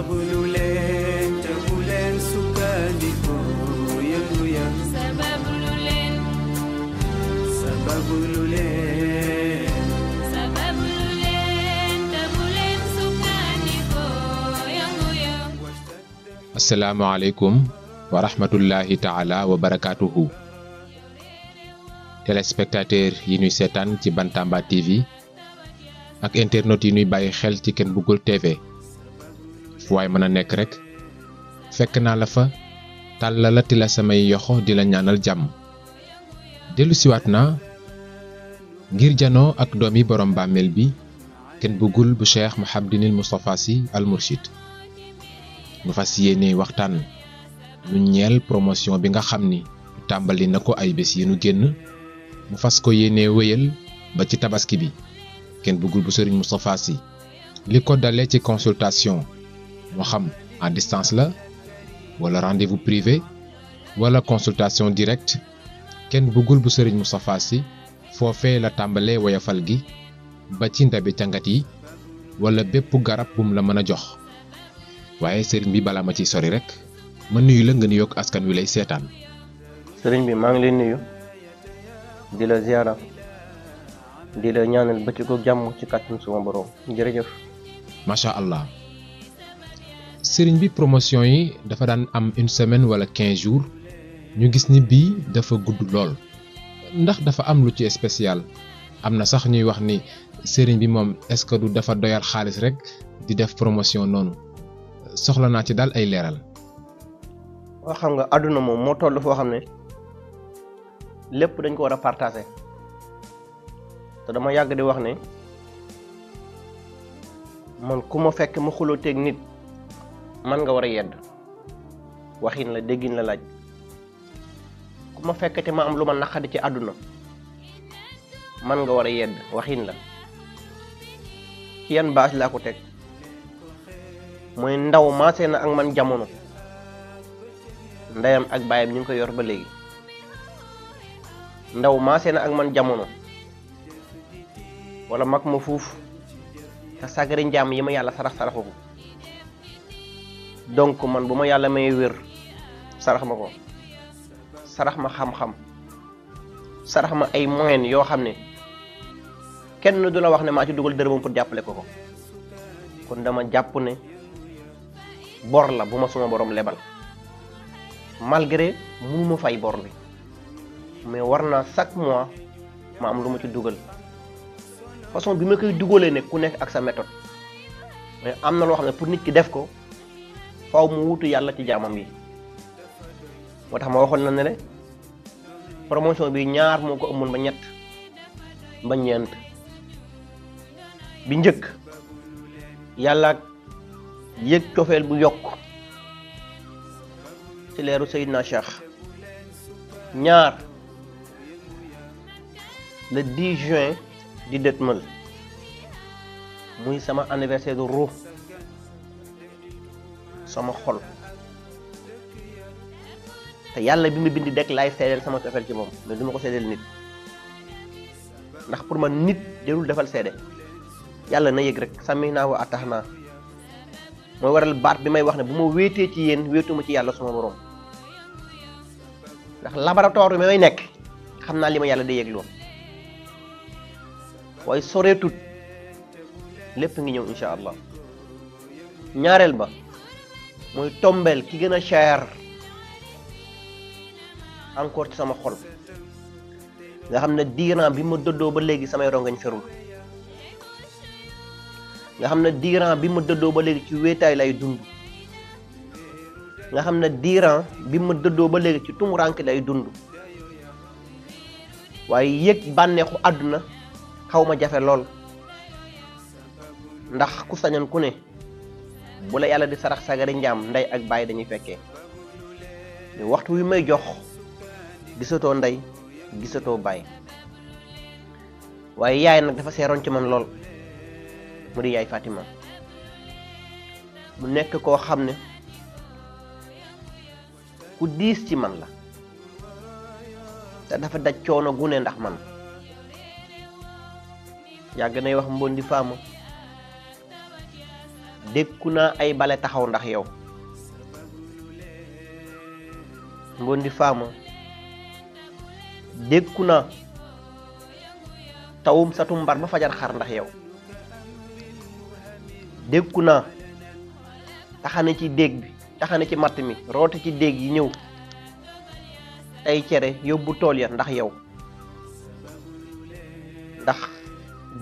Sabululen, tabulen sukaliko yangu ya Sabululen Sabululen alaikum wa rahmatullahi ta'ala wa barakatuhu. Téléspectateurs yi ñuy seetaan ci Bantamba TV ak internautes yi ñuy bàyyi xel ci Ken TV. fu waay mën a nekk rek fekk naa la fa tàllalati la samay yoxo di la ñaanal jàmm dellusiwaat naa ngir janoo ak doom yi borom bàmmeel bi kenn bëggul bu Cheikh Mouhamadinil Moustapha Sy Al Mourchid mu fas yéene waxtaan mu ñeel promotion bi nga xam ni tàmbali na ko ay bés yi nu génn mu fas ko yéene wéyal ba ci tabaski bi kenn bëggul bu Serigne Moustapha Sy li ko dalee ci consultation waxam à distance la wala rendez-vous privé wala consultation directe ken bugul bu serigne moustapha si foofee la tàmbalee woyafal gi ba ci ndabi cangat yi wala bépp garab bum la mëna jox waye serigne bi bala ma ci sori rek ma nuyu la ngeen yok askan wi lay sétane serigne bi ma ngi lay nuyu di la ziara di la ñaanal ba ci ko jamm ci katun suma borom jërëjëf masha allah sëriñ bi promotion yi dafa daan am une semaine wala quinze jours ñu gis ni bii dafa gudd lool ndax dafa am lu ci spécial am na sax ñuy wax ni sëriñ bi moom est-ce que du dafa doyal xaalis rek di def promotion noonu soxla naa ci daal ay leeral. waa xam nga àdduna moom moo toll foo xam ne lépp dañ ko war a partager te dama yàgg di wax ne man ku ma fekk ma xuloo teeg nit. man nga war a yedd waxiin la déggin la laaj ku ma fekkati ma am lu ma naqadi ci àdduna man nga war a yedd waxin la ci yan baas laa ko teg mooy ndaw maase na ak man jamono ndeyam ak baayam ñu ngi ko yor ba léegi ndaw maase na ak man jamono walla mag ma fuuf te sagari njaam yi ma yàlla sarax saraxu ko donc man bu ma yàlla may wér sarax ma ko sarax ma xam-xam sarax ma ay moyens yoo xam ne kenn du la wax ne ma ci dugal dërëmam pour jàppale ko ko kon dama jàpp ne bor la bu ma suma borom lebal malgré mënuma fay bor bi mais war naa chaque mois ma am lu ma ci dugal façon bi ma koy dugalee ne ku nekk ak sa méthode mais am na loo xam ne pour nit ki def ko faw mu wutu yàlla ci jaamam yi moo tax ma waxoon na ne le promotion bi ñaar moo ko ëmmoon ba ñett ba ñeent bi njëkk yàlla yëg cofeel bu yokk ci leeru Seydina Cheikh ñaar le 10 juin di dëtmal muy sama anniversaire de ruux sama xol te yàlla bi mu bind dekk laay seedeel sama cofeel ci moom mais du ko seedeel nit ndax pour man nit jarul defal seede yàlla na yëg rek sàmmi naa wa atax naa mooy waral baat bi may wax ne bu ma wéetee ci yéen wéetuma ci yàlla suma borom ndax laboratoire bi may nekk xam naa li ma yàlla day yëg lool waaye soreetut lépp ngi ñëw incha allah ñaareel ba mooy tombel ki gën a cher encore sama xol nga xam ne diiran bi ma dëddoo ba léegi samay rongañ ferul nga xam ne diiran bi ma dëddoo ba léegi ci wéetaay lay dund nga xam ne diiran bi ma dëddoo ba léegi ci tumurank lay dund waaye yëg bànneexu àdduna xaw ma jafe lool ndax ku sañan ku ne bu la yàlla di sarax sagari njaam ndey ak baay dañuy fekkee waxtu wi may jox gisatoo ndey gisatoo baay waaye yaay nag dafa seeroon ci man lool mu di yaay Fatima mu nekk koo xam ne ku diis ci man la te dafa daj coono gune ndax man yàgg nay wax mbondi faama dékku naa ay bale taxaw ndax yow ngondi faama dékku naa tawum satu mbar ba fajar xar ndax yow dékku naa taxana ci dégg bi taxana ci matt mi roote ci déeg yi ñëw tey cere yóbbu tool ya ndax yow ndax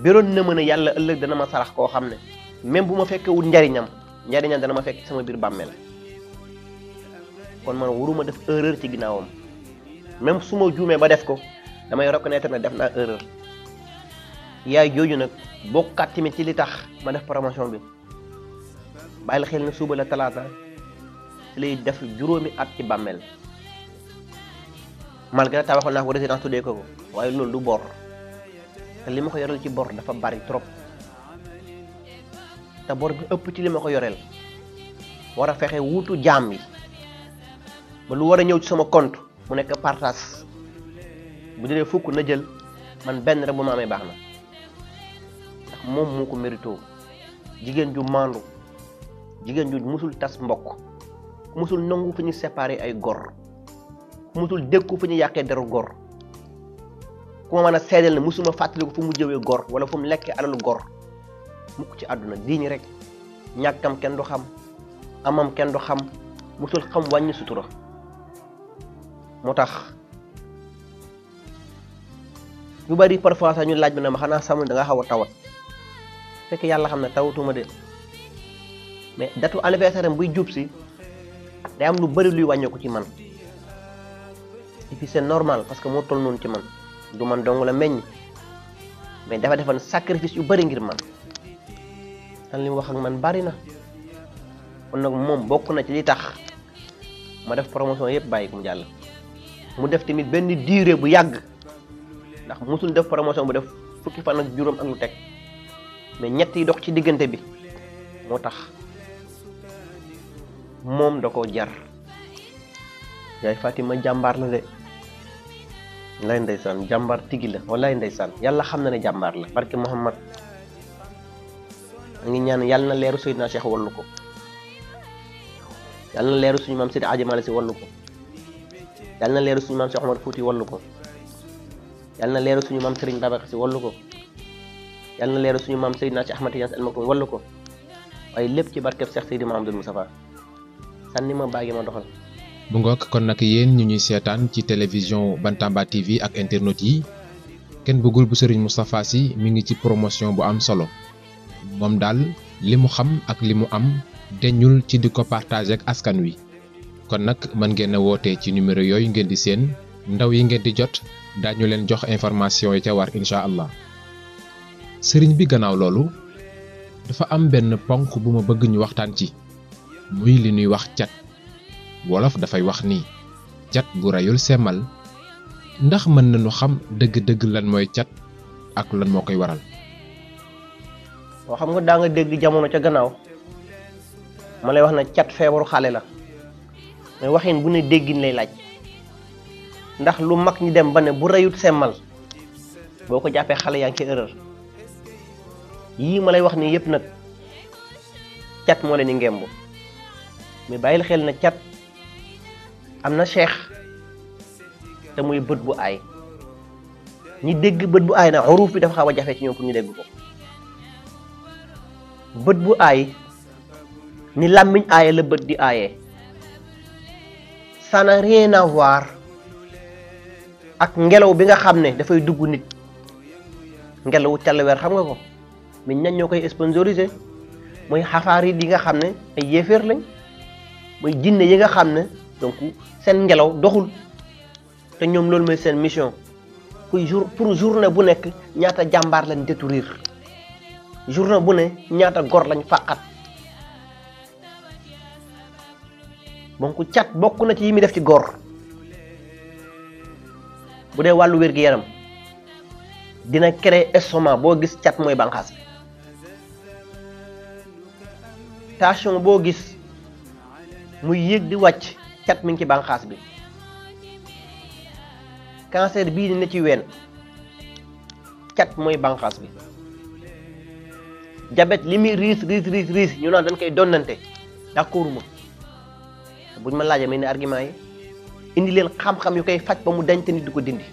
biroon na mën a yàlla ëllëg dana ma sarax koo xam ne même buma fekke fekkewul njariñam njariñam dana ma fekk sama bir bammel kon man wuruma def erreur ci ginnaawam même suma ma ba def ko damay reconnaître na def na erreur yaay jooju nag bokkaat tamit ci li tax ma def promotion bi bayil xel na suba la talata lay def juróomi at ci bammel malgré ko residence tudé ko waye lolou du bor limako li ci bor dafa bari trop te bor bi ëpp ci li ma ko yoreel war a fexe wuutu jaam yi ba lu war a ñëw ci sama compte mu nekk partaas bu jëlee fukk na jël man benn rek bu ma amee baax na ndax moom moo ko merito jigéen ju maandu jigéen ju musul tas mbokk musul nangu fu ñu séparé ay gor musul dëkku fu ñu yàqee deru gor ku ma mën a seedeel ne ma fàttaliku fu mu jëwee gor wala fu mu lekkee alalu gor mukk ci aduna diini rek ñakam kenn du xam amam kenn du xam musul xam wañu sutura motax yu bari parfois sa ñu laaj bu ne ma xana sàmm da nga xaw tawat fekk yalla xam tawatuma de mais datu anniversaire buy jup si day am lu bari luy ko ci man et puis c'est normal parce que mo tol non ci man du man dong la meñ mais dafa defan sacrifice yu bari ngir man tan lim wax ak man bari na kon nak mom bokku na ci li tax ma def promotion yeb bayiko ko mu jall mu def timit benn diire bu yàgg ndax musul def promotion bu def fukki fan ak juróom ak lu tek mais ñet yi dox ci digënté bi motax mom jar yaay fatima jambar la de lay ndaysan jambar tigi la wallaay yalla yàlla na ne jambar la barke muhammad ngi ñaan yalla na leeru Seydina Cheikh wallu ko yalla na leeru suñu mam Seydi Aji ci si wallu ko yalla na leeru suñu mam Cheikh Omar Fouti wallu ko yalla na leeru suñu mam Serigne babax ci wallu ko yalla na leeru suñu mam Seydina Cheikh Ahmad Tidiane Al Maktoum wallu ko waaye lepp ci barke Cheikh Seydi Mahamadou Moustapha sanni ma baagi ma doxal bu ngok kon nak yeen ñu ñuy sétane ci télévision Bantamba TV ak internet yi kenn bëggul bu Serigne Moustapha si mi ngi ci promotion bu am solo mom dal limu xam ak limu am deñul ci diko partager ak askan wi kon nak man ngeen wote ci numéro yoy ngeen di seen ndaw yi ngeen di jot dañu leen jox information yi ca war inshallah serigne bi gannaaw lolu dafa am ben ponk bu ma bëgg ñu waxtaan ci muy li ñuy wax cat wolof fay wax ni cat bu rayul semal ndax man nañu xam deug deug lan moy cat ak lan mo koy waral boo xam nga daa nga dégg jamono ca gannaaw ma lay wax na cat feebaru xale la mais waxin bu ne déggin lay laaj ndax lu mag ñi dem ba ne bu reyut semmal boo ko jàppee xale yaa ngi ci erreur yii ma lay wax nii yëpp nag cat moo leen di ngemb mais bàyyil xel na cat am na cheikh te muy bët bu aay ñi dégg bët bu aay na xuruuf bi dafa xaw a jafe ci ñoom pour ñu dégg ko bët bu aay ni làmmiñ aaye la bët di aayee ça n'a rien ak ngelaw bi nga xam ne dafay dugg nit ngelawu calaweer xam nga ko mais ñan ñoo koy sponsorisé mooy xafaar yi nga xam ne ay yéeféer lañ mooy jinne yi nga xam ne donc seen ngelaw doxul te ñoom loolu mooy seen mission kuy jour pour journée bu nekk ñaata jàmbaar lañ détruire journée bu ne ñaata gor lañ fàqat donc cat bokk na ci yi muy def ci gor bu dee wàllu wér gi yaram dina créer estomac boo gis cat mooy bànqaas bi tension boo gis muy yéeg di wàcc cat mi ngi ci bànqaas bi cancer bii di ne ci ween cat mooy bànqaas bi diabète limi ris ris ris ris ñu naan dañ koy donnante d'accord mu buñ ma laaje may ne argument yi indi leen xam-xam yu koy fajj ba mu dañ te nit dindi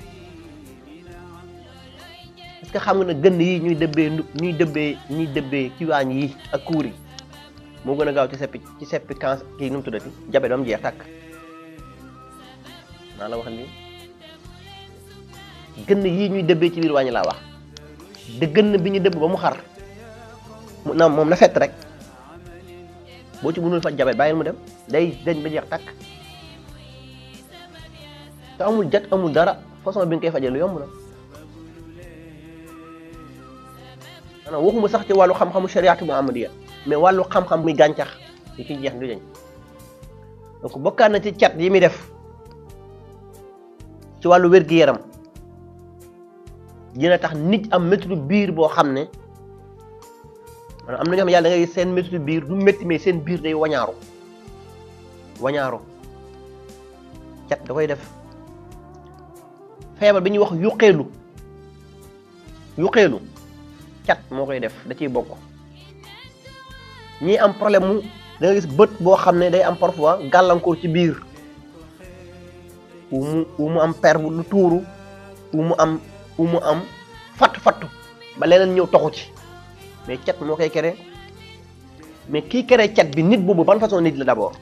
est ce que xam nga gën yi ñuy debbe ñuy debbe ñuy debbe ci wañ yi ak kuur yi moo gën gaaw ci sepp ci sepp kan ki nu tudati diabète jabe jeex tak na la wax ni gën yi ñuy debbe ci bir wañ la wax de gën bi ñu ba mu xar non moom na fett rek boo ci mënul fa jabet bàyyil mu dem day dañ ba jeex takk te amul jat amul dara façon bi nga koy fajee lu yomb la maanaam waxuma sax ci wàllu xam-xamu shariatu muhammadiya mais wàllu xam-xam muy gàncax yi ci jeex du dañ donc bokkaat na ci cat yi muy def ci wàllu wér yaram dina tax nit am métitu biir boo xam ne maanaam am na ñoo xam ne yàlla da gis seen métti biir du métti mais seen biir day wañaaru wañaaru cat da koy def feebar bi ñuy wax yuqeelu yuqeelu cat moo koy def da ciy bokk ñii am problème mu da gis bët boo xam ne day am parfois gàllankoor ci biir umu umu am per lu tuuru umu mu am fatt fatt ba leneen ñëw toxu ci mais cat bi moo koy créé mais kii kere cat bi nit boobu ban façon nit la d'abord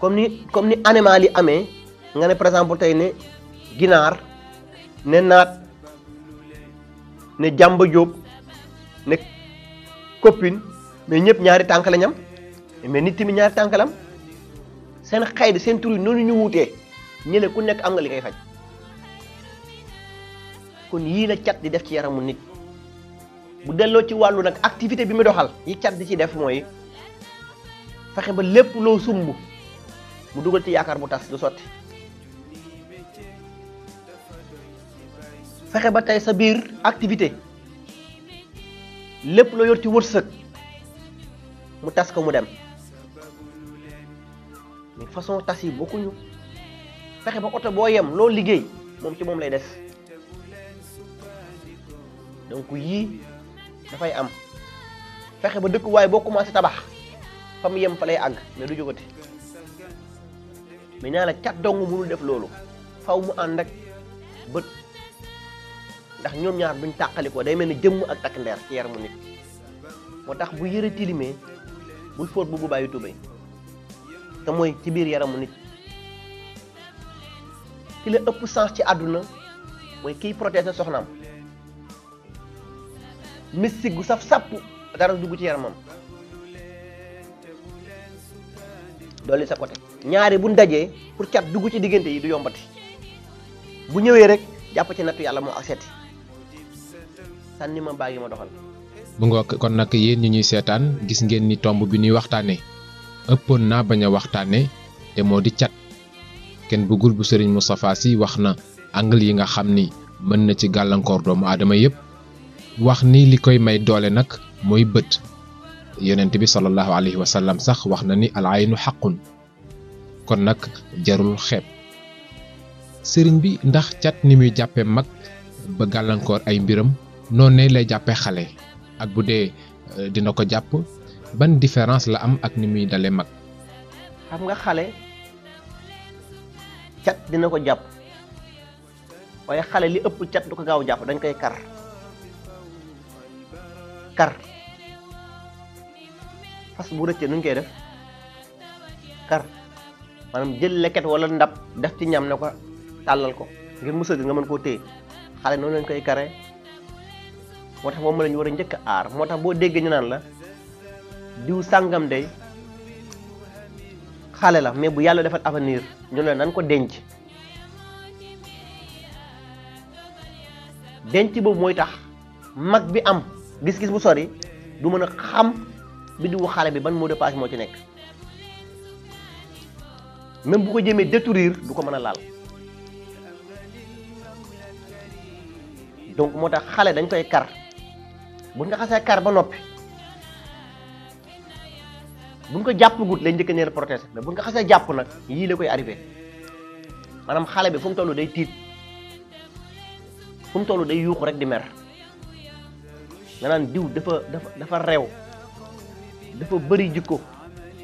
comme ni comme ni animal yi amee nga ne par exemple tay ne ginaar ne naat ne jàmba jóob ne copine mais ñëpp ñaari tànk la ñam mais nit mi ñaari tànk la am seen xaydi seen tur yi noonu ñu wutee ñële ku nekk am nga li ngay faj kon yii la cat di def ci yaramu nit bu delloo ci wàllu nag activité bi mu doxal yi cat di ci def mooy fexe ba lépp loo sumb mu dugal ci yaakaar bu tas du sotti fexe ba tey sa biir activité lépp loo yor ci wërsëg mu tas ko mu dem mais façon tas yi bokkuñu fexe ba oto boo yem loo liggéey moom ci moom lay des donc yii dafay am fexe ba dëkkuwaay boo commencé tabax fa mu yem fa lay àgg mais du jógati mais naa la cat dong mënul def loolu faw mu ànd ak bët ndax ñoom ñaar duñ tàqalikoo day mel ni jëmm ak takk leer ci yaramu nit moo tax bu yëre tilimee bul fóot bu bu bàyyi tubéy te mooy ci biir yaramu nit ki la ëpp sens ci àdduna mooy kiy protéger soxnaam Misi gu saf sàpp dara dugg ci yaramam dolli sa côté ñaari buñ dajé pour cat dugg ci digënté yi du yombati bu ñëwé rek japp ci natu yalla mo ak sanni ma baagi ma doxal bu ngok kon nak yeen ñu ñuy sétane gis ngeen ni tomb bi ni waxtane ëppoon na baña waxtane té modi ken bu gul bu serigne Moustapha si waxna angle yi nga xamni mën na ci galankor doomu adama yépp wax ni li koy may doole nak moy beut yonent bi sallallahu alayhi wa sallam sax wax na ni al aynu haqqun kon nak jarul xeb serigne bi ndax cat ni muy mak. mak ba galankor ay mbiram noonu lay jàppe xalé ak budé euh, dina ko japp ban différence la am ak ni muy dale mak. xam nga xalé cat dina ko japp waye xalé li ëpp cat du ko gaaw japp dañ koy kar kar fas bu rëccee nuñ koy def kar maanaam jël leket wala ndab def ci ñam na ko tàllal ko ngir mu sëgg nga mën koo téye xale noonu lañ koy kare moo tax moom la ñu war njëkk aar moo tax boo déggee ñu naan la diw sàngam day xale la mais bu yàlla defal avenir ñu ne nan ko denc denc boobu mooy tax mag bi am gis-gis bu sori du mën a xam biddiwu xale bi ban mot de passe moo ci nekk même bu ko jëmee détruire du ko mën a laal donc moo tax xale dañ koy kar bu nga xasee kar ba noppi bu ko jàpp gut lañ njëkk a neer protesté mais bu nga xasee jàpp nag yii la koy arrivé maanaam xale bi fu mu toll day tiit fu mu toll day yuuxu rek di mer nga naan diw dafa dafa dafa rew dafa bëri jikko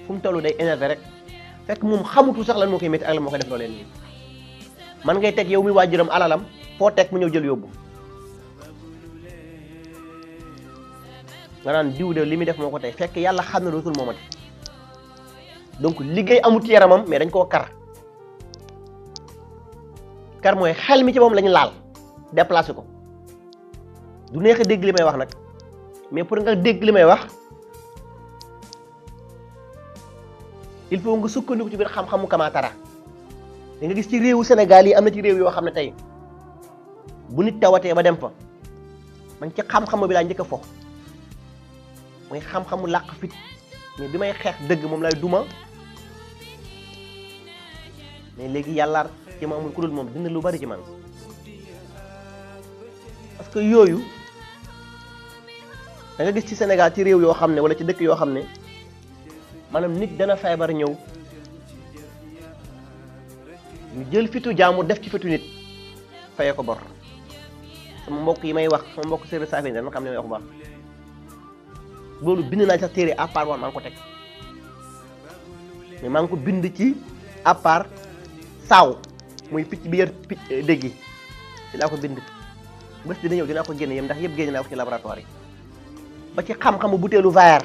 fu mu toll day énervé rek fekk moom xamutu sax lan moo koy metti ak lan moo koy def looleen nii man ngay teg yow mi waajuram alalam foo teg mu ñëw jël yóbbu nga naan diw de li muy def moo ko tey fekk yàlla xam ne dootul moomati donc liggéey amut yaramam mais dañ koo kar kar mooy xel mi ci moom lañu laal déplacé ko du neex a dégg li may wax nag mais pour nga dégg li may wax il faut nga sukkandiku ci biir xam-xamu kamaatara danga gis ci réewu senegal yi am na ci réew yoo xam ne tey bu nit tawatee ba dem fa man ci xam-xamu bi laa njëkk a fo mooy xam-xamu làq fit mais bi may xeex dëgg moom lay duma mais léegi yàllaar ci ma amul ku dul moom dina lu bari ci man parce que yooyu. da gis ci Sénégal ci réew yoo xam ne wala ci dëkk yoo xam ne maanaam nit dana feebar ñëw ñu jël fitu jaamu def ci fitu nit faye ko bor sama mbokk yi may wax sama mbokk service saafin dana xam ne may wax bu loolu bind naa sax téere à part woon ko teg mais ko bind ci à saaw muy picc bi yar picc dégg yi dinaa ko bind bés dina ñëw dinaa ko génne yem ndax yëpp génne naa ko ci laboratoire yi ba ci xam-xamu butéelu verre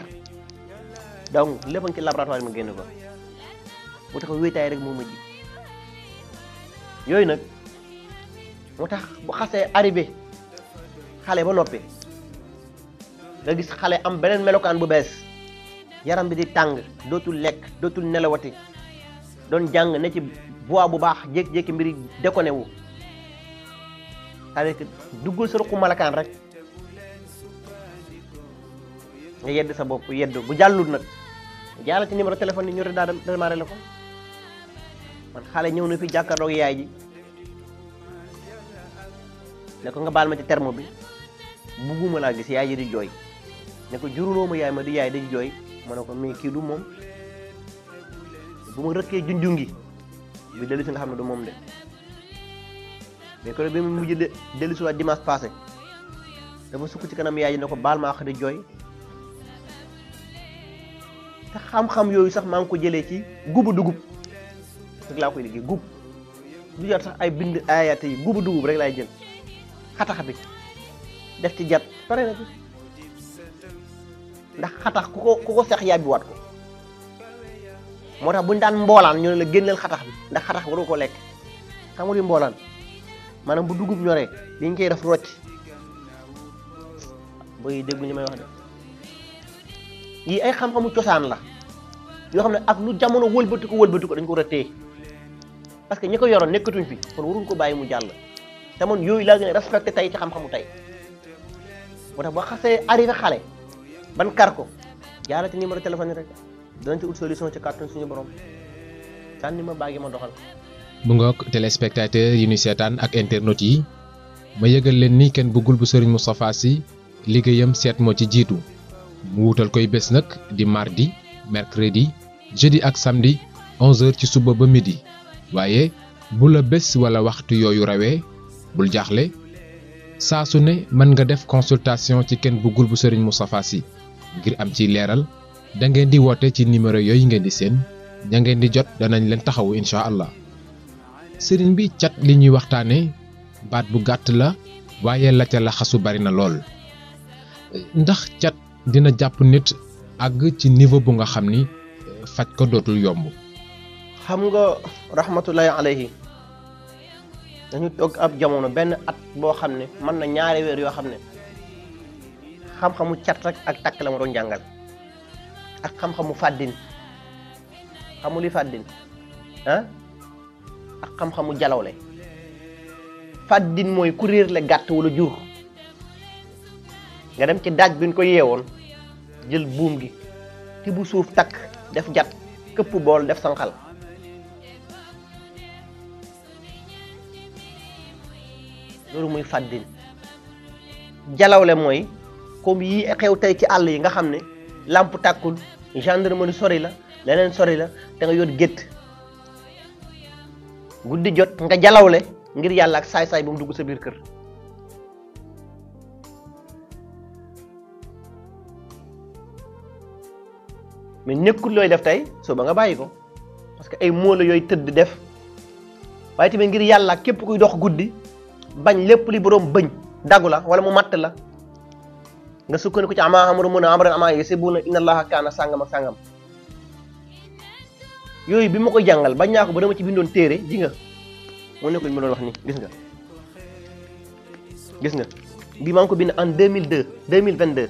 donc lépp ci laboratoire bi génn ko mu tax wéetaay rek moo ma yooyu nag moo tax bu xasee arrivé xale ba noppi nga gis xale am beneen melokaan bu bees yaram bi di tàng dootul lekk dootul nelawati doon jàng ne ci voie bu baax jékki-jékki mbiri déconné wu c'est-à-dire que duggul sa ruqu malakaan rek nga yedd sa bopp yedd bu jàllul nag jaala ci numéro téléphone yi ñu daa démarré la ko man xale ñëw na fi jàkkaarloog yaay ji ne ko nga baal ma ci terme bi bugguma laa gis yaay ji di jooy ne ko juruloo ma yaay ma di yaay di jooy ma ne ko mais kii du moom bu ma rëkkee junjungi bi dellu si nga xam ne du moom de mais ko bi mu mujj dellu si waat dimanche passé dafa sukk ci kanam yaay ji ne ko baal ma wax di jooy te xam-xam yooyu sax maa ngi ko jëlee ci gubu dugub rek laa koy liggéey gub du jar ay bind ayat gubu dugub rek laay jël xatax bi def ci jat pare na ci ndax xatax ku ko ku ko seex yàbbi ko moo tax buñu daan mboolaan ñoo la génneel xatax bi ndax xatax waru ko lekk xam nga li mboolaan maanaam bu dugub ñoree dañ koy def rocc booy dégg li may wax de lii ay xam-xamu cosaan la yoo xam ne ak lu jamono wëlbati ko wëlbati ko dañ ko war parce que ñi ko yoroon nekkatuñ fi kon waruñ ko bàyyi mu jàll te man yooyu laa gën a respecté tey ci xam-xamu tey moo tax boo xasee arrivé xale ban kar ko jaarale ci numéro téléphone yi rek danañ ci ut solution ci kàttan suñu borom sànni ma baagi ma doxal. mu ngoog téléspectateur yi ñuy seetaan ak internautes yi ma yëgal leen ni kenn bëggul bu Serigne Moustapha Sy liggéeyam seet moo ci jiitu. mu wutal koy bes nak di mardi mercredi jeudi ak samedi 11h ci suba ba midi waye bu la bes wala waxtu yoyu rawé bul jaxlé sa su né man nga def consultation ci ken bu gulbu serigne Moustapha si ngir am ci léral da ngeen di woté ci numéro ngeen di sen da ngeen di jot danañ leen taxawu inshallah allah bi cat li ñuy waxtané baat bu gatt la waye la ca la xasu bari na lol ndax chat dina jàpp nit àgg ci niveau bu nga xam ni euh, faj ko dootul yomb. xam nga rahmatullahi alayhi dañu toog ab jamono benn at boo xam ne mën na ñaari weer yoo xam ne xam-xamu cat rek ak takk la ma doon jàngal ak xam-xamu fàddin xamu li fàddin ah, ak xam-xamu jalawle fàddin mooy ku réer le gàtt wala jur. nga dem ci daaj buñ ko yewon jël boom gi ci bu suuf tak def jat kepp bool def sanxal loolu muy fàddin jalawle moy comme yi xew tay ci all yi nga xamne lampe takul gendarmerie sori la lenen sori la te nga yot get guddi jot nga jalawle ngir yalla ak say say bu mu dugg sa bir keur mais nekkul looy def tey soo ba nga bàyyi ko parce que ay moo la yooyu tëdd def waaye tamit ngir yàlla képp kuy dox guddi bañ lépp li boroom bëñ dagu la wala mu matt la nga ko ci ama amru mun a amran ama yasibuna inna allaha kaana sàngam ak sàngam yooyu bi ma koy jàngal bañ naa ko ba dama ci bindoon téere ji nga mu nekkul mu doon wax nii gis nga gis nga bii maa ngi ko bind en 2002 2022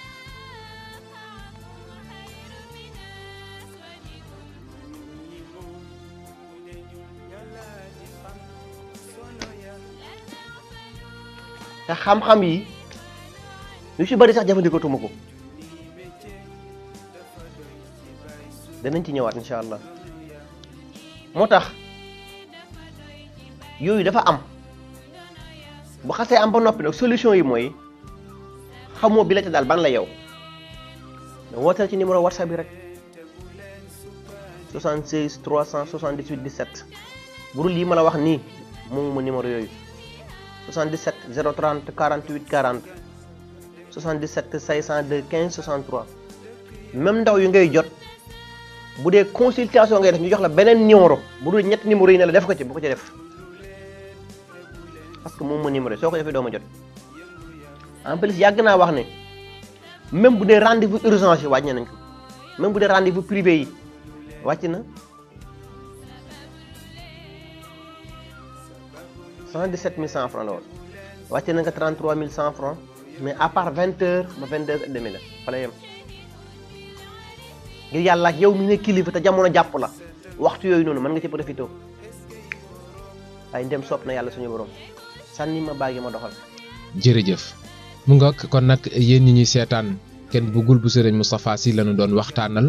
xam-xam yi yu si bari sax jëfandikootuma ko danañ ci ñëwaat incha allah moo tax yooyu dafa am bu xasee am ba noppi nag solution yi mooy xam xamoo bi la ca daal ban la yow da wooteel ci numéro whatsapp bi rek 76 378 17 bu dul lii ma la wax nii moomu ma numéro yooyu 77 030 48 40 77 502 15 63 même ndaw yu ngay jot bu dee consultation ngay def jox la beneen numéro bu dul ñetti numéro yi ne la def ko ci bu ko ci que moom ma numéro soo ko defee doo ma jot en plus yàgg naa wax ne même bu dee rendez-vous urgence yi wàññi nañ ko même bu dee rendez-vous privé yi wàcc na. 117 000 francs la woon wàcce na nga 33 100 francs mais à part 20 heures ba 22 heures demi la fa la yem ngir yàlla ak yow mi ne kilifa te jamono jàpp la waxtu yooyu noonu mën nga ci profité waaye ndem sopp na yàlla suñu borom sànni ma baagi ma doxal jërëjëf mu ngoog kon nag yéen ñi ñuy seetaan kenn bëggul bu sëriñ Moustapha si lañu doon waxtaanal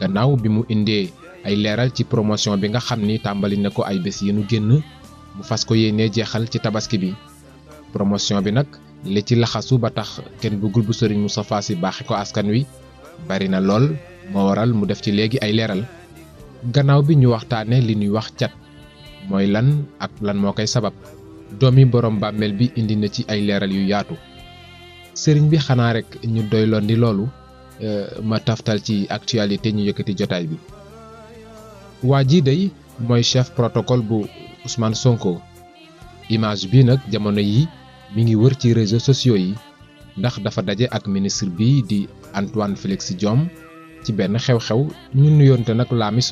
gannaaw bi mu indee ay leeral ci promotion bi nga xam ni tàmbali ay bés yi nu mu fas ko yene jeexal ci tabaski bi promotion bi nak li ci laxasu ba tax ken lol, bu serigne Moustapha si baaxi ko askan wi bari na lol mo waral mu def ci ay leral gannaaw bi ñu waxtane li ñuy wax cat moy lan ak lan mo koy sabab domi borom bammel bi indi na ci ay leral yu yaatu serigne bi xana rek ñu doyloon di loolu euh, ma taftal ci actualité ñu yëkëti jotaay bi waji day moy chef protocole bu Ousmane Sonko image bi nag jamono yi mi ngi wër ci réseaux sociaux yi ndax dafa daje ak ministre bi di Antoine Félix Diome ci benn xew-xew ñu nuyoonte nag laami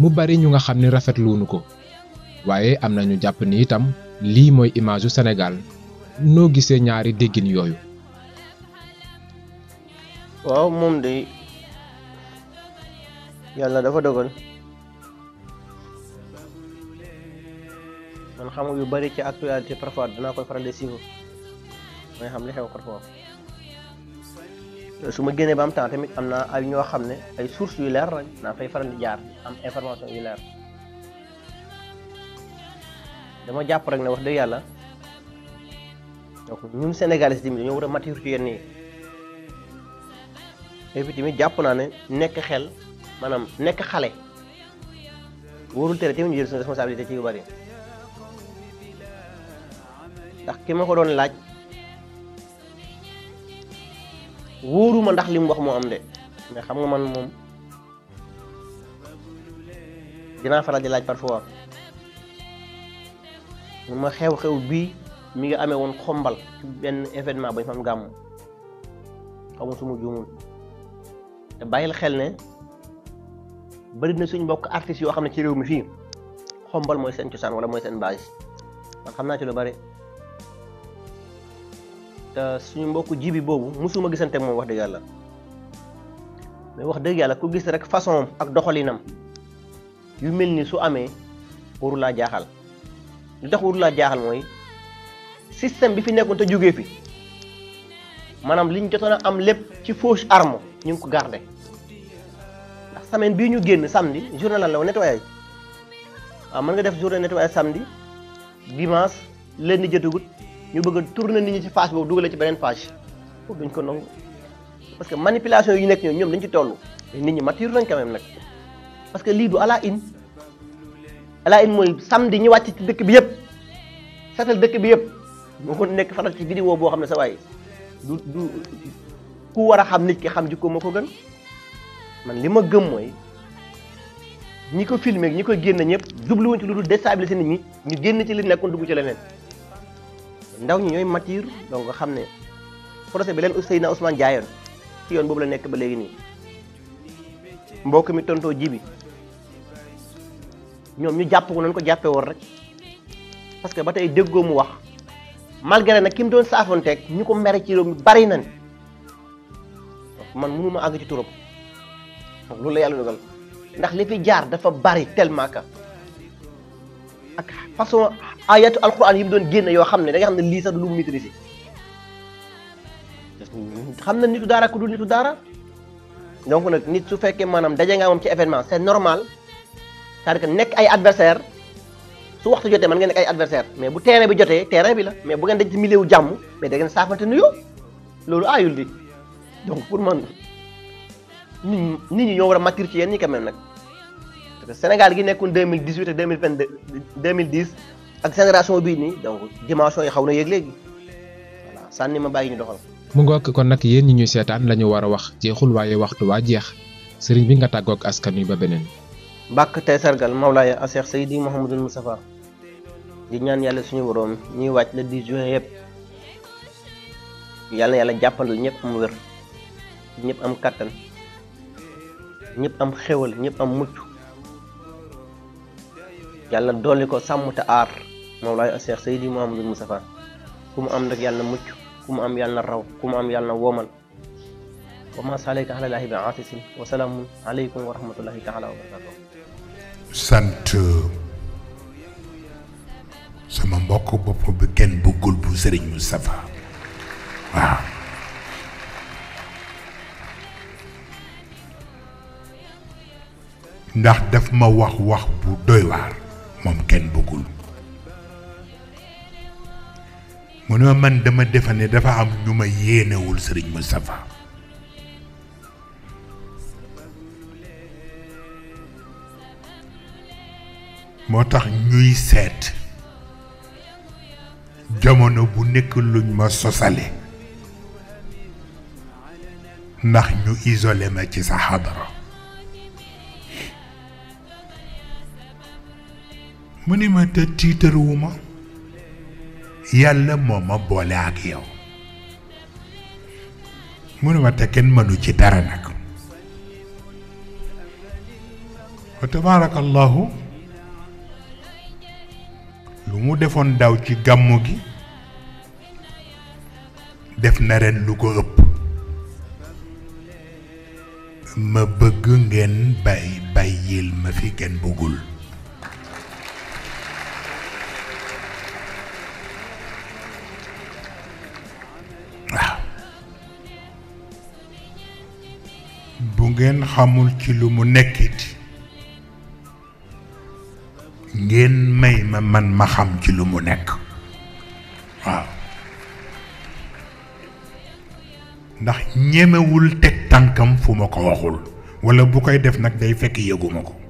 mu bari ñu nga xam ne rafetluwuñu ko waaye am na ñu jàpp ni itam lii mooy image yu noo gisee ñaari déggin yooyu. xam nga yu bari ci actualité parfois danaa koy faral di suivre may xam li xew parfois su ma génnee ba am temps tamit am na ay ñoo xam ne ay sources yu leer lañ naa fay faral di jaar am information yu leer dama jàpp rek ne wax dëgg yàlla donc ñun sénégalais tamit dañoo war a mature ci yenn yi et puis jàpp naa ne nekk xel maanaam nekk xale warul tere tamit ñu jël suñu responsabilité ci yu bari ndax ki ma ko doon laaj wóoruma ndax li wax moo am de mais xam nga man moom dinaa faral di laaj parfois mu ma xew-xew bii mu ngi amee woon xombal benn événement ba ñu fa am gàmm xaw ma su ma te bàyyil xel ne bari na suñ mbokk artistes yoo xam ne ci réew mi fii xombal mooy seen cosaan wala mooy seen base man xam naa ci lu bari. te suñu mbokku jibi boobu mosuma gisante moom wax dëgg yàlla mais wax dëgg yàlla ku gis rek façon ak doxalinam yu mel ni su amee waru laa jaaxal lu tax waru laa jaaxal mooy système bi fi nekkoon te jógee fi maanaam liñ jotoon am lépp ci fausse arme ñu ko garde semaine bii ñu génn samedi journée la woon nettoyage waaw mën nga def journée nettoyage samedi dimanche lundi jotagut ñu bëgg a tourner nit ñi ci phase boobu dugale ci beneen phase foofu duñ ko nangu parce que manipulation yi nekk ñoom ñoom dañ ci toll nit ñi mature nañ quand même parce que lii du à la une mooy samedi ñu wàcc ci dëkk bi yëpp setal dëkk bi yëpp moo ko nekk faral ci vidéo boo xam ne sa waay du du ku war a xam nit ki xam jikko moo ko gën man li ma gëm mooy ñi ko filmé ñi ko génn ñëpp jubluwuñ ci lu dul déstabiliser nit ñi génn ci li nekkoon dugg ci leneen. ndaw ñi ñoy matir donc nga xamne ne projet bi len ousseyna Ousmane jaayoon ci yoon bobu la nek ba legui ni mbokk mi tonto jibi ñom ñu jàpp ko nañ ko jappé wor rek parce que batay deggo mu wax malgré nak kim doon saafonteeg ñu ko mere ci rom bari nañ man mënuma ag ci turam lu la yalla dogal ndax li fi jaar dafa bari tellement ka ak façon ayatu alquran yi mu doon génn yoo xam ne da nga xam ne lii sax du lu mu maîtriser xam na nitu daara ku dul nitu daara donc nag nit su fekkee maanaam daje nga moom ci événement c'est normal cest nekk ay adversaire su waxtu jotee mën ngeen nekk ay adversaire mais bu terrain bi jotee terrain bi la mais bu ngeen daje ci milieu wu jàmm mais da ngeen saafante nuyoo loolu aayul di donc pour man nit ñi nit ñi ñoo war a mature ci yéen ñi quand nag parce que gi nekkoon deux mille dix huit ak deux mille vingt deux deux ak génération bii nii donc dimension yi xaw na yéeg léegi sànni ma bàyyi ñu doxal. mu ngoog kon nag yéen ñi ñuy seetaan la ñu war a wax jeexul waaye waxtu waa jeex sëriñ bi nga tàggook askan wi ba beneen. mbàkk tey sargal Mawlaaya Aseex Seydi Mouhamadul Moustapha di ñaan yàlla suñu boroom ñuy wàcc le 10 juin yëpp yàlla yàlla jàppandal ñëpp am wér ñëpp am kattan ñëpp am xéwal ñëpp am mucc. yàlla dolli ko sàmm te aar Mawlaay Cheikh Seydi Mouhamadou Moustapha ku mu am nag yàlla mucc ku mu am yàlla raw ku mu am yàlla woomal wa ma saalayka alalaahi bi aatisin wa ndax daf ma wax wax bu doy waar mom ken bëggul mu ne man dama defe ne dafa am ñu ma yéenewul sëriñ Moustapha moo tax ñuy seet jamono bu nekk luñ ma sosale ndax ñu isolé ma ci sa xadara mu ni ma te tiitaruwu ma yàlla moo ma boole ak yow mu ni ma te kenn mënu ci dara nag lu mu defoon daw ci gàmmu gi def na ren lu ko ëpp ma bëgg ngeen bàyyil ma fi kenn bëggul bu ngeen xamul ci lu mu nekkit ngeen may ma man ma xam ci lu mu nekk waaw ndax ñemewul teg tànkam fu ma ko waxul walla bu koy def nag day fekk yëguma ko